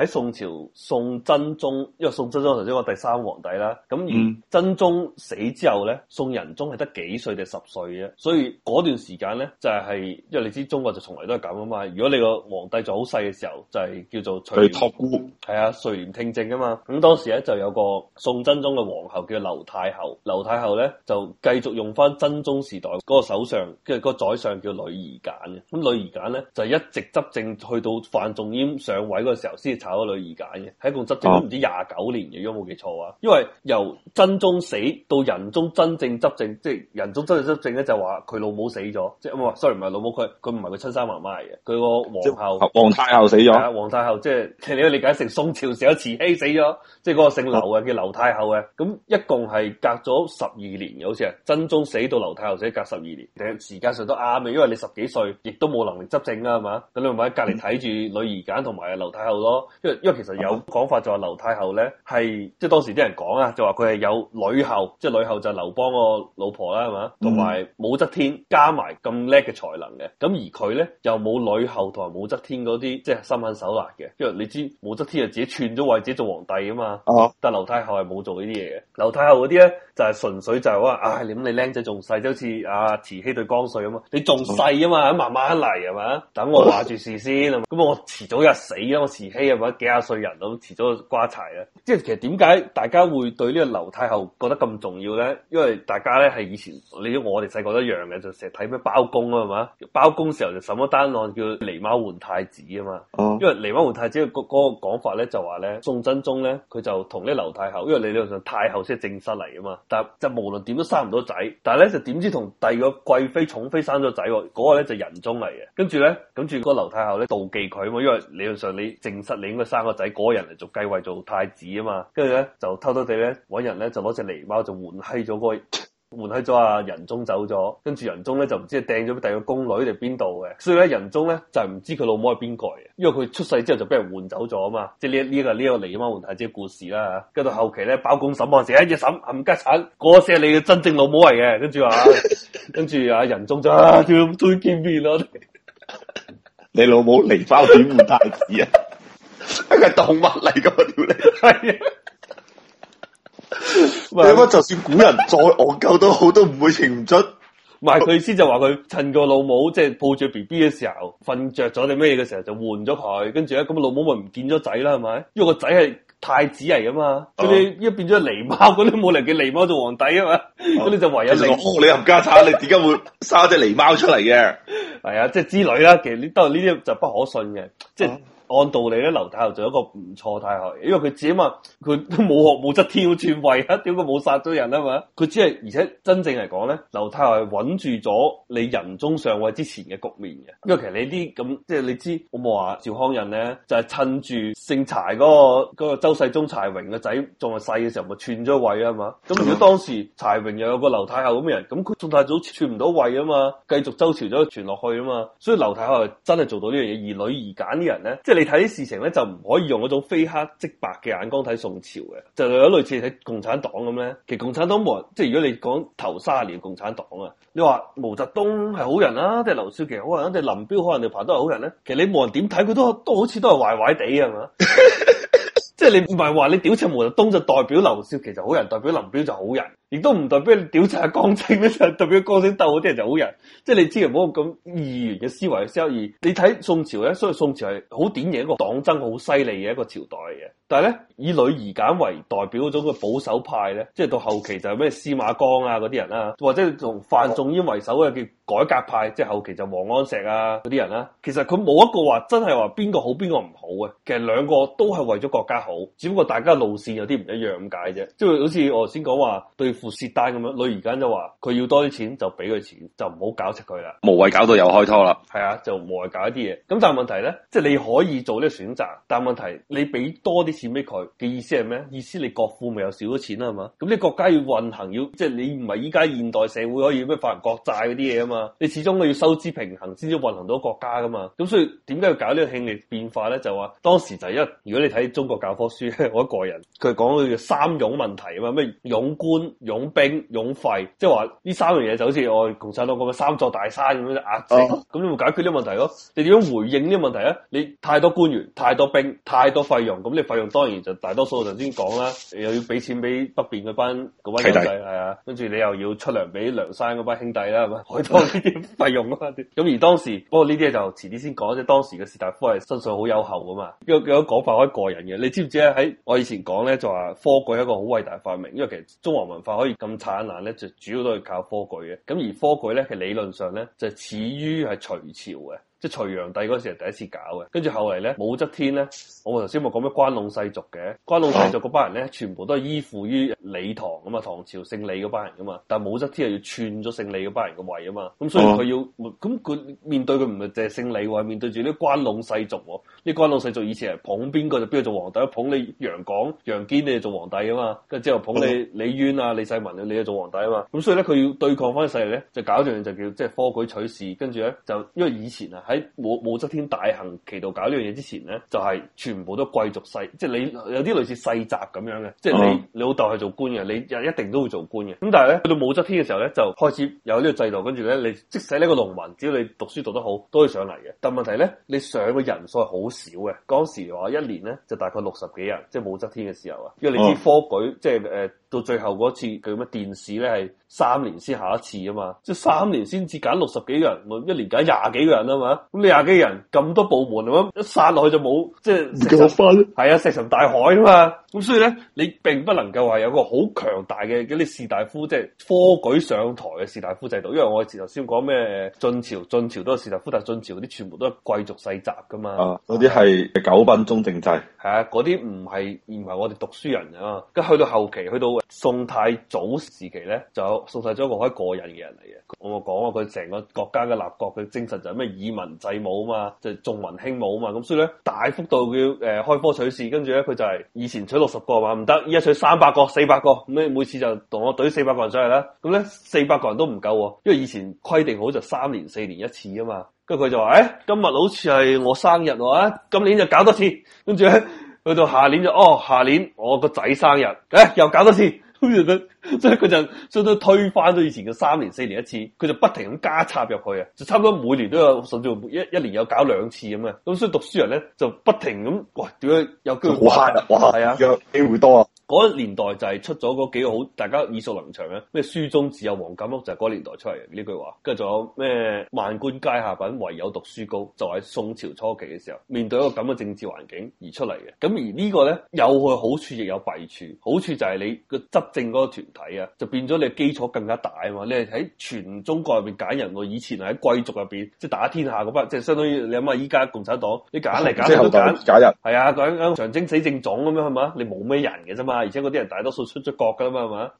喺宋朝，宋真宗，因為宋真宗頭先我第三皇帝啦，咁、嗯、而真宗死之後咧，宋仁宗係得幾歲定十歲嘅，所以嗰段時間咧就係、是，因為你知中國就從來都係咁啊嘛，如果你個皇帝在好細嘅時候就係、是、叫做垂託孤，係啊，垂簾聽政啊嘛，咁當時咧就有個宋真宗嘅皇后叫劉太后，劉太后咧就繼續用翻真宗時代嗰個首相，跟、那、住個宰相叫呂夷簡嘅，咁呂夷簡咧就一直執政去到范仲淹上位嗰個時候先至。由女兒揀嘅，係一共執政都唔知廿九年嘅，如果冇記錯啊。因為由真宗死到仁宗真正執政，即係仁宗真正執政咧，就話佢老母死咗，即係唔係？sorry，唔係老母，佢佢唔係佢親生媽媽嚟嘅，佢個皇后、皇太后死咗，皇、啊、太后即係你要理解成宋朝時候慈禧死咗，即係嗰個姓劉嘅、啊、叫劉太后啊。咁一共係隔咗十二年嘅，好似係，真宗死到劉太后死，隔十二年，時間上都啱嘅，因為你十幾歲，亦都冇能力執政啊，係嘛？咁你咪喺隔離睇住女兒揀同埋劉太后咯。因為因為其實有講法就話劉太后咧係，即係當時啲人講啊，就話佢係有呂后，即係呂后就係劉邦個老婆啦，係嘛，同埋、嗯、武則天加埋咁叻嘅才能嘅，咁而佢咧又冇呂后同埋武則天嗰啲即係心狠手辣嘅，因為你知武則天啊自己篡咗位，自己做皇帝啊嘛，嗯、但係劉太后係冇做呢啲嘢嘅，劉太后嗰啲咧。但係純粹就，係哎、你就啊，你咁你僆仔仲細，就好似啊慈禧對光緒咁嘛。你仲細啊嘛，慢慢嚟係嘛，等我話住事先嘛。咁 我遲早又死啦，我慈禧係咪幾廿歲人咁，我遲早瓜柴啊，即係其實點解大家會對呢個劉太后覺得咁重要咧？因為大家咧係以前你我哋細個一樣嘅，就成日睇咩包公係嘛，包公時候就審咗單案叫狸貓換太子啊嘛，因為狸貓換太子嗰嗰個講法咧就話咧，宋真宗咧佢就同呢劉太后，因為你理論上太后先係正式嚟啊嘛。但就無論點都生唔到仔，但係咧就點知同第二個貴妃寵妃生咗仔，嗰、那個咧就是、仁宗嚟嘅。跟住咧，跟住個劉太后咧妒忌佢，嘛，因為理論上你正室你應該生個仔，嗰、那個、人嚟做繼位做太子啊嘛，跟住咧就偷偷哋咧搵人咧就攞隻狸貓就換稀咗個。換開咗啊！仁宗走咗，跟住仁宗咧就唔知掟咗第二個宮女定邊度嘅，所以咧仁宗咧就唔知佢老母係邊個嚟嘅，因為佢出世之後就俾人換走咗啊嘛，即係呢呢個呢個狸貓換太子故事啦。跟住到後期咧包公審案時，一審冚家鏟嗰個先係你嘅真正老母嚟嘅，跟住話，跟住啊仁宗就要再見面咯。你老母狸貓換太子啊？一個動物嚟噶，係啊。你就算古人再戇鳩都好，都唔會認唔出。唔係佢意思就話佢趁個老母即係、就是、抱住 B B 嘅時候瞓着咗定咩嘢嘅時候就換咗佢，跟住咧咁老母咪唔見咗仔啦，係咪？因為個仔係太子嚟噶嘛，佢哋、嗯、一變咗狸貓，嗰啲冇嚟嘅狸貓做皇帝啊嘛，咁你、嗯、就唯有你哦，你冚家鏟，你點解會生隻狸貓出嚟嘅？係 啊，即、就、係、是、之類啦。其實呢都係呢啲就不可信嘅，即、就、係、是。嗯按道理咧，劉太后就係一個唔錯太后，因為佢自己嘛佢都冇學武則天要篡位啊，點解冇殺咗人啊嘛？佢只係而且真正嚟講咧，劉太后係穩住咗你仁宗上位之前嘅局面嘅。因為其實你啲咁即係你知，我冇話趙匡胤咧就係、是、趁住姓柴嗰、那個那個周世宗柴榮嘅仔仲係細嘅時候咪篡咗位啊嘛。咁如果當時柴榮又有個劉太后咁嘅人，咁佢宋太祖篡唔到位啊嘛，繼續周朝咗傳落去啊嘛。所以劉太后係真係做到呢樣嘢，而女而揀啲人咧，即係你睇啲事情咧，就唔可以用嗰種非黑即白嘅眼光睇宋朝嘅，就有類似睇共產黨咁咧。其實共產黨冇人，即係如果你講頭卅年共產黨啊，你話毛澤東係好人啦，即係劉少奇好人啦、啊，即林彪可能你排都係好人咧。其實你冇人點睇佢都都好似都係壞壞地啊嘛， 即係你唔係話你屌柒毛澤東就代表劉少奇就好人，代表林彪就好人。亦都唔代表調查江青咧，就是、代表江青鬥嗰啲人就好人，即、就、係、是、你千祈唔好咁二元嘅思維嘅。所以你睇宋朝咧，所以宋朝係好典型一個黨爭好犀利嘅一個朝代嘅。但係咧，以呂夷簡為代表咗種保守派咧，即係到後期就係咩司馬光啊嗰啲人啦，或者從范仲淹為首嘅叫改革派，即係後期就王安石啊嗰啲人啦。其實佢冇一個話真係話邊個好邊個唔好嘅，其實兩個都係為咗國家好，只不過大家路線有啲唔一樣咁解啫。即係好似我先講話對。蝕單咁樣，你而家就話佢要多啲錢就俾佢錢，就唔好搞出佢啦，無謂搞到又開拖啦。係啊，就無謂搞一啲嘢。咁但係問題咧，即係你可以做呢個選擇，但係問題你俾多啲錢俾佢嘅意思係咩？意思你國庫咪又少咗錢啦？係嘛？咁你國家要運行要即係你唔係依家現代社會可以咩發行國債嗰啲嘢啊嘛？你始終都要收支平衡先至運行到國家噶嘛？咁所以點解要搞呢個慶曆變化咧？就話當時就係因為如果你睇中國教科書， 我一個人佢講佢三冗問題啊嘛，咩冗官。養兵、養費，即係話呢三樣嘢就好似我共產黨咁嘅三座大山咁樣壓住，咁點會解決呢個問題咯？你點樣回應呢個問題啊？你太多官員、太多兵、太多費用，咁你費用當然就大多數就先講啦，又要俾錢俾北邊嗰班班，的班兄弟，係啊，跟住你又要出糧俾梁山嗰班兄弟啦，係嘛，好多呢啲費用啊嘛，咁而當時不過呢啲嘢就前啲先講，即係當時嘅士大夫係身上好優厚啊嘛，呢個呢個講法我個人嘅，你知唔知咧？喺我以前講咧就話科舉一個好偉大嘅發明，因為其實中華文化。可以咁燦爛咧，就主要都係靠科舉嘅。咁而科舉咧，其理論上咧，就始於係隋朝嘅。即係隋煬帝嗰時係第一次搞嘅，跟住後嚟咧武則天咧，我頭先咪講咩關隴世族嘅，關隴世族嗰班人咧全部都係依附於李唐啊嘛，唐朝姓李嗰班人啊嘛，但係武則天係要篡咗姓李嗰班人嘅位啊嘛，咁、嗯、所以佢要，咁佢面對佢唔係淨係姓李喎，面對住啲關隴世族喎，啲關隴世族以前係捧邊個就邊個做皇帝，捧你楊廣、楊堅你就做皇帝啊嘛，跟住之後捧你李淵啊、李世民啊，你又做皇帝啊嘛，咁、嗯、所以咧佢要對抗翻嘅勢力咧就搞一樣就叫即係科舉取士，跟住咧就因為以前啊。喺武武則天大行其道搞呢樣嘢之前咧，就係、是、全部都貴族世，即係你有啲類似世襲咁樣嘅，即係你你老豆係做官嘅，你又一定都會做官嘅。咁但係咧，去到武則天嘅時候咧，就開始有呢個制度，跟住咧，你即使呢個農民，只要你讀書讀得好，都可以上嚟嘅。但問題咧，你上嘅人數係好少嘅。當時嘅話一年咧就大概六十幾人，即係武則天嘅時候啊，因為你啲科舉即係、呃、誒。到最後嗰次叫咩？殿試咧係三年先下一次啊嘛，即係三年先至揀六十幾個人，一年揀廿幾個人啊嘛。咁你廿幾人咁多部門，就是，啊，一散落去就冇，即係石沉大係啊，石沉大海啊嘛。咁所以咧，你並不能夠話有個好強大嘅嗰啲士大夫，即，就，係，是，科舉上台嘅士大夫制度。因為我哋前頭先講咩晉朝，晉朝都係士大夫，但係晉朝嗰啲全部都係貴族世襲噶嘛。嗰啲係九品中正制係啊，嗰啲唔係唔係我哋讀書人啊。咁去到後期，去到宋太祖時期咧，就宋太祖係一個個人嘅人嚟嘅。我咪講啊，佢成個國家嘅立國嘅精神就係咩以文制武啊嘛，就重文輕武啊嘛。咁所以咧，大幅度佢誒開科取士，跟住咧佢就係以前取六十個嘛，唔得依家取三百個、四百個。咁咧每次就同我隊四百個人上嚟啦。咁咧四百個人都唔夠喎，因為以前規定好就三年四年一次啊嘛。跟住佢就話，誒、哎、今日好似係我生日喎，啊今年就搞多次。跟住咧。去到下年就哦，下年我個仔生日，誒、哎、又搞多次，即 以佢就將佢推翻咗以前嘅三年四年一次，佢就不停咁加插入去啊，就差唔多每年都有，甚至一一年有搞兩次咁啊，咁所以讀書人咧就不停咁，哇，點解有機會好慳啊，哇，係啊，有機會多啊。嗰年代就係出咗嗰幾個好大家耳熟能詳嘅，咩書中自有黃金屋，就係嗰年代出嚟嘅呢句話，跟住仲有咩萬般皆下品唯有讀書高，就係宋朝初期嘅時候面對一個咁嘅政治環境而出嚟嘅。咁而呢個咧有佢好處亦有弊處，好處就係你個執政嗰個團體啊，就變咗你基礎更加大啊嘛。你係喺全中國入邊揀人喎，以前係喺貴族入邊即係打天下嗰班，即係相當於你諗下依家共產黨你揀嚟揀去都揀揀人，係啊，揀揀長征死正總咁樣係嘛？你冇咩人嘅啫嘛～而且嗰啲人大多數出咗國噶啦嘛，係嘛。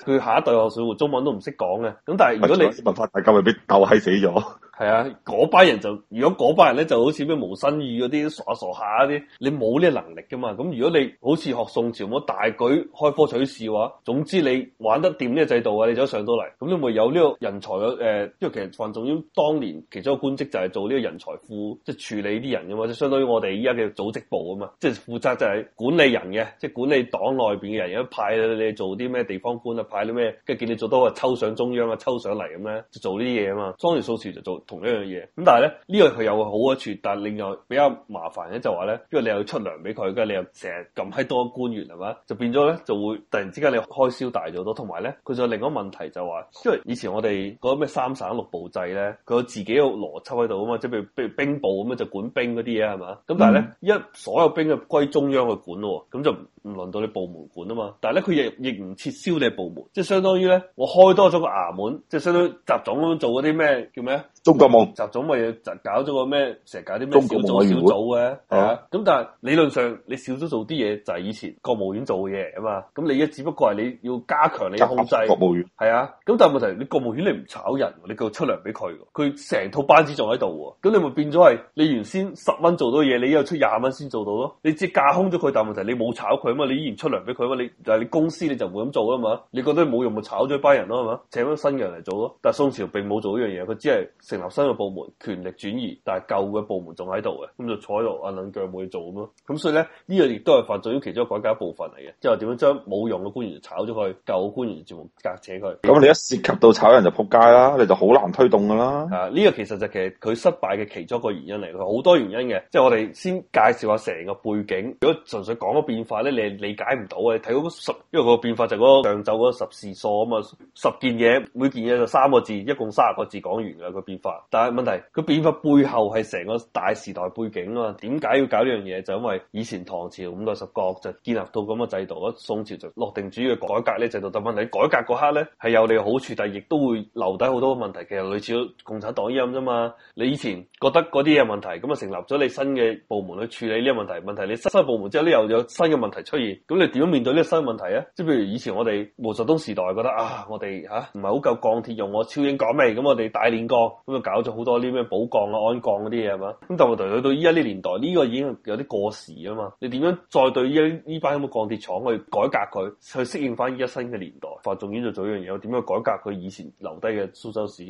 佢下一代學水戶中文都唔識講嘅，咁但係如果你、就是、文化大革命俾鬥閪死咗，係 啊，嗰班人就如果嗰班人咧就好似咩無新意嗰啲傻傻下啲，你冇呢個能力噶嘛，咁如果你好似學宋朝咁大舉開科取士嘅話，總之你玩得掂呢個制度啊，你就上到嚟，咁你會有呢個人才嘅誒、呃？因為其實范仲淹當年其中個官職就係做呢個人才庫，即、就、係、是、處理啲人嘅嘛，即、就是、相當於我哋依家嘅組織部啊嘛，即、就、係、是、負責就係管理人嘅，即、就、係、是、管理黨內邊嘅人，而家派你做啲咩地方官啊，派。睇啲咩？跟住見你做多，就抽上中央啊，抽上嚟咁咧，就做呢啲嘢啊嘛。裝完掃除就做同一樣嘢咁，但係咧呢樣佢、呢個、有個好處，但係另外比較麻煩嘅就話咧，因為你又要出糧俾佢，跟住你又成日撳喺多官員係嘛，就變咗咧就會突然之間你開銷大咗多，同埋咧佢就另一個問題就話，因為以前我哋嗰咩三省六部制咧，佢有自己嘅邏輯喺度啊嘛，即係譬如譬如兵部咁樣就管兵嗰啲嘢係嘛，咁但係咧、嗯、一所有兵嘅歸中央去管咯，咁就唔輪到你部門管啊嘛。但係咧佢亦亦唔撤銷你部門。即係相當於咧，我開多咗個衙門，即係相當於雜種咁做嗰啲咩，叫咩？中國夢習總咪搞咗個咩？成日搞啲咩小組小組嘅，係啊。咁、啊嗯、但係理論上，你小組做啲嘢就係以前國務院做嘅嘢啊嘛。咁你而家只不過係你要加強你控制，國務院。係啊。咁但係問題，你國務院你唔炒人，你叫出糧俾佢，佢成套班子仲喺度喎。咁你咪變咗係你原先十蚊做到嘢，你又出廿蚊先做到咯。你只架空咗佢，但係問題你冇炒佢啊嘛，你依然出糧俾佢啊嘛。你就係你公司你就唔會咁做啊嘛。你覺得冇用咪炒咗一班人咯？係嘛，請咗新人嚟做咯。但係宋朝並冇做呢樣嘢，佢只係。成立新嘅部門，權力轉移，但係舊嘅部門仲喺度嘅，咁就坐喺度硬硬腳冇嘢做咁咯。咁所以咧，呢個亦都係犯罪咗其中一個改革一部分嚟嘅。之後點樣將冇用嘅官員炒咗佢，舊官員就隔扯佢。咁你一涉及到炒人就仆街啦，你就好難推動噶啦。啊，呢個其實就其實佢失敗嘅其中一個原因嚟，佢好多原因嘅。即係我哋先介紹下成個背景。如果純粹講個變化咧，你理解唔到嘅。睇嗰十，因為個變化就嗰上晝嗰十事疏啊嘛，十件嘢，每件嘢就三個字，一共三十個字講完啦個變。但係問題，佢變化背後係成個大時代背景啊嘛？點解要搞呢樣嘢？就因為以前唐朝五代十國就建立到咁嘅制度，咁宋朝就落定主要嘅改革咧，制度。但問題，改革嗰刻咧係有你嘅好處，但係亦都會留低好多嘅問題。其實類似共產黨陰啫嘛，你以前覺得嗰啲嘢問題，咁啊成立咗你新嘅部門去處理呢個問題。問題，你新嘅部門之後呢，又有新嘅問題出現，咁你點樣面對呢個新嘅問題咧？即係譬如以前我哋毛澤東時代覺得啊，我哋吓唔係好夠鋼鐵用，我超英趕美，咁我哋大煉鋼。咁就搞咗好多啲咩保鋼啊安鋼嗰啲嘢係嘛？咁但係佢到依家啲年代呢，這個已經有啲過時啊嘛，你點樣再對依一依班咁嘅鋼鐵廠去改革佢，去適應翻依家新嘅年代？范仲淹就做一樣嘢，點樣改革佢以前留低嘅蘇州市？